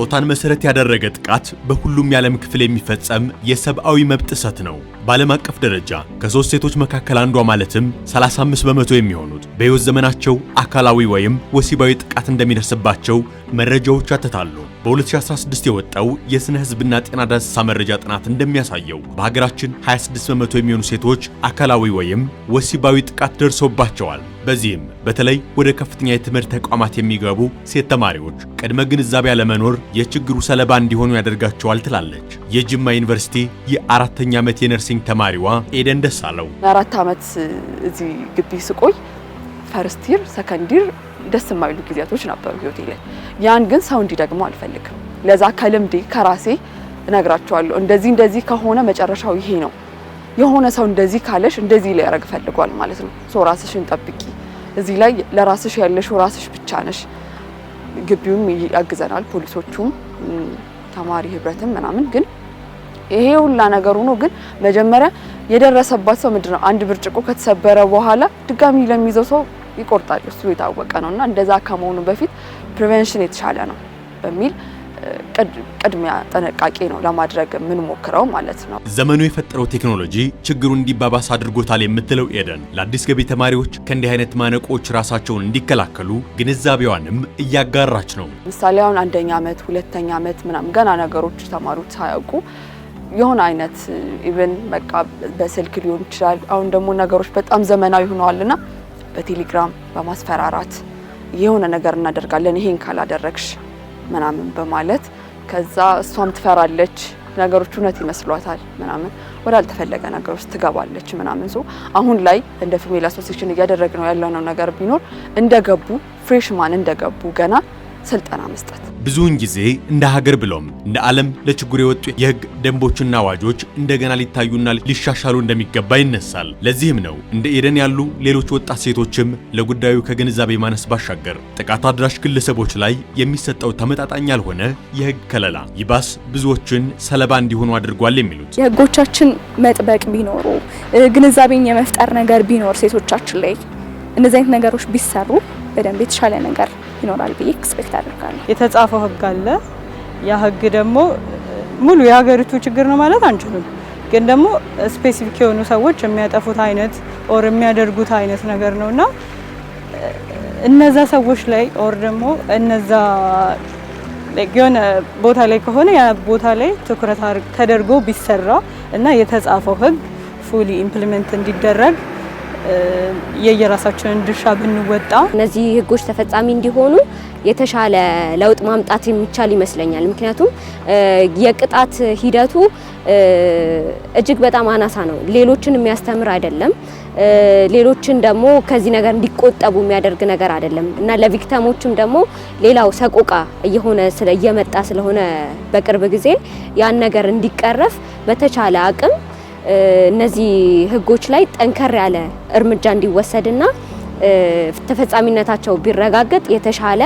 ጾታን መሰረት ያደረገ ጥቃት በሁሉም የዓለም ክፍል የሚፈጸም የሰብአዊ መብት ጥሰት ነው። በዓለም አቀፍ ደረጃ ከሶስት ሴቶች መካከል አንዷ ማለትም 35 በመቶ የሚሆኑት በሕይወት ዘመናቸው አካላዊ ወይም ወሲባዊ ጥቃት እንደሚደርስባቸው መረጃዎች ያተታሉ በ በ2016 የወጣው የሥነ ሕዝብና ጤና ዳሰሳ መረጃ ጥናት እንደሚያሳየው በሀገራችን 26 በመቶ የሚሆኑ ሴቶች አካላዊ ወይም ወሲባዊ ጥቃት ደርሶባቸዋል። በዚህም በተለይ ወደ ከፍተኛ የትምህርት ተቋማት የሚገቡ ሴት ተማሪዎች ቅድመ ግንዛቤ አለመኖር የችግሩ ሰለባ እንዲሆኑ ያደርጋቸዋል ትላለች። የጅማ ዩኒቨርሲቲ የአራተኛ ዓመት የነርሲንግ ተማሪዋ ኤደን ደሳለው አራት ዓመት እዚህ ግቢ ስቆይ ፈርስት ይር ደስ የማይሉ ጊዜያቶች ነበሩ ህይወቴ ላይ። ያን ግን ሰው እንዲደግሞ አልፈልግም። ለዛ ከልምዴ ከራሴ እነግራቸዋለሁ። እንደዚህ እንደዚህ ከሆነ መጨረሻው ይሄ ነው። የሆነ ሰው እንደዚህ ካለሽ እንደዚህ ሊያደርግ ፈልጓል ማለት ነው። ሶ ራስሽን ጠብቂ። እዚህ ላይ ለራስሽ ያለሽው ራስሽ ብቻ ነሽ። ግቢውም ያግዘናል፣ ፖሊሶቹም፣ ተማሪ ህብረትም ምናምን ግን ይሄ ሁላ ነገር ሆኖ ግን መጀመሪያ የደረሰባት ሰው ምንድን ነው አንድ ብርጭቆ ከተሰበረ በኋላ ድጋሚ ለሚይዘው ሰው ይቆርጣል። እሱ የታወቀ ነው እና እንደዛ ከመሆኑ በፊት ፕሪቨንሽን የተሻለ ነው በሚል ቅድሚያ ጥንቃቄ ነው ለማድረግ የምንሞክረው ማለት ነው። ዘመኑ የፈጠረው ቴክኖሎጂ ችግሩን እንዲባባስ አድርጎታል የምትለው ኤደን ለአዲስ ገቢ ተማሪዎች ከእንዲህ አይነት ማነቆች ራሳቸውን እንዲከላከሉ ግንዛቤዋንም እያጋራች ነው። ምሳሌ አሁን አንደኛ ዓመት ሁለተኛ ዓመት ምናምን ገና ነገሮች ተማሪዎች ሳያውቁ የሆነ አይነት ኢቨን በቃ በስልክ ሊሆን ይችላል። አሁን ደግሞ ነገሮች በጣም ዘመናዊ ሆነዋልና በቴሌግራም በማስፈራራት የሆነ ነገር እናደርጋለን ይሄን ካላደረግሽ ምናምን በማለት ከዛ እሷም ትፈራለች። ነገሮች እውነት ይመስሏታል ምናምን ወዳልተፈለገ ነገር ውስጥ ትገባለች ምናምን። ሰው አሁን ላይ እንደ ፊሜል አሶሴሽን እያደረግ ነው ያለነው ነገር ቢኖር እንደገቡ ፍሬሽማን እንደገቡ ገና ስልጠና መስጠት። ብዙውን ጊዜ እንደ ሀገር ብሎም እንደ ዓለም ለችግር የወጡ የህግ ደንቦችና አዋጆች እንደገና ሊታዩና ሊሻሻሉ እንደሚገባ ይነሳል። ለዚህም ነው እንደ ኤደን ያሉ ሌሎች ወጣት ሴቶችም ለጉዳዩ ከግንዛቤ ማነስ ባሻገር ጥቃት አድራሽ ግለሰቦች ላይ የሚሰጠው ተመጣጣኝ ያልሆነ የህግ ከለላ ይባስ ብዙዎችን ሰለባ እንዲሆኑ አድርጓል የሚሉት የህጎቻችን መጥበቅ ቢኖሩ ግንዛቤን የመፍጠር ነገር ቢኖር ሴቶቻችን ላይ እነዚህ አይነት ነገሮች ቢሰሩ በደንብ የተሻለ ነገር ይኖራል ብዬ ኤክስፔክት አድርጋለሁ። የተጻፈው ህግ አለ። ያ ህግ ደግሞ ሙሉ የሀገሪቱ ችግር ነው ማለት አንችልም። ግን ደግሞ ስፔሲፊክ የሆኑ ሰዎች የሚያጠፉት አይነት ኦር የሚያደርጉት አይነት ነገር ነው እና እነዛ ሰዎች ላይ ኦር ደግሞ እነዛ የሆነ ቦታ ላይ ከሆነ ያ ቦታ ላይ ትኩረት ተደርጎ ቢሰራ እና የተጻፈው ህግ ፉሊ ኢምፕሊመንት እንዲደረግ የየራሳችንን ድርሻ ብንወጣ እነዚህ ህጎች ተፈጻሚ እንዲሆኑ የተሻለ ለውጥ ማምጣት የሚቻል ይመስለኛል። ምክንያቱም የቅጣት ሂደቱ እጅግ በጣም አናሳ ነው። ሌሎችን የሚያስተምር አይደለም። ሌሎችን ደግሞ ከዚህ ነገር እንዲቆጠቡ የሚያደርግ ነገር አይደለም እና ለቪክተሞችም ደግሞ ሌላው ሰቆቃ እየሆነ እየመጣ ስለሆነ በቅርብ ጊዜ ያን ነገር እንዲቀረፍ በተቻለ አቅም እነዚህ ህጎች ላይ ጠንከር ያለ እርምጃ እንዲወሰድና ተፈጻሚነታቸው ቢረጋገጥ የተሻለ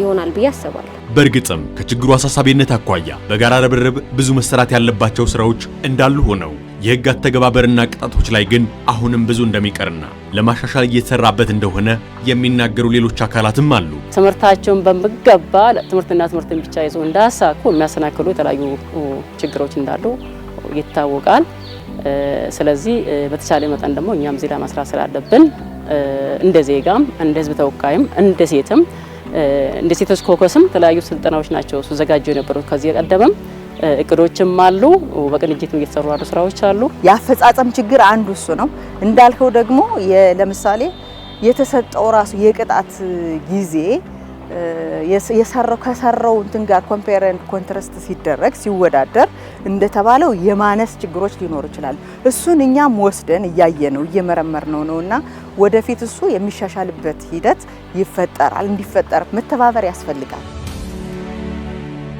ይሆናል ብዬ አስባለሁ። በእርግጥም ከችግሩ አሳሳቢነት አኳያ በጋራ ርብርብ ብዙ መሰራት ያለባቸው ስራዎች እንዳሉ ሆነው የህግ አተገባበርና ቅጣቶች ላይ ግን አሁንም ብዙ እንደሚቀርና ለማሻሻል እየተሰራበት እንደሆነ የሚናገሩ ሌሎች አካላትም አሉ። ትምህርታቸውን በሚገባ ትምህርትና ትምህርትን ብቻ ይዘው እንዳያሳኩ የሚያሰናክሉ የተለያዩ ችግሮች እንዳሉ ይታወቃል። ስለዚህ በተቻለ መጠን ደግሞ እኛም ዜላ መስራት ስላለብን እንደ ዜጋም እንደ ሕዝብ ተወካይም እንደ ሴትም እንደ ሴቶች ኮከስም የተለያዩ ስልጠናዎች ናቸው ሲዘጋጁ የነበሩት። ከዚህ ቀደምም እቅዶችም አሉ፣ በቅንጅትም እየተሰሩ ያሉ ስራዎች አሉ። የአፈጻጸም ችግር አንዱ እሱ ነው እንዳልከው ደግሞ ለምሳሌ የተሰጠው ራሱ የቅጣት ጊዜ የሰራው ከሰራው እንትን ጋር ኮምፔር ኤንድ ኮንትረስት ሲደረግ ሲወዳደር እንደተባለው የማነስ ችግሮች ሊኖሩ ይችላል። እሱን እኛም ወስደን እያየ ነው እየመረመር ነው ነው እና ወደፊት እሱ የሚሻሻልበት ሂደት ይፈጠራል። እንዲፈጠር መተባበር ያስፈልጋል።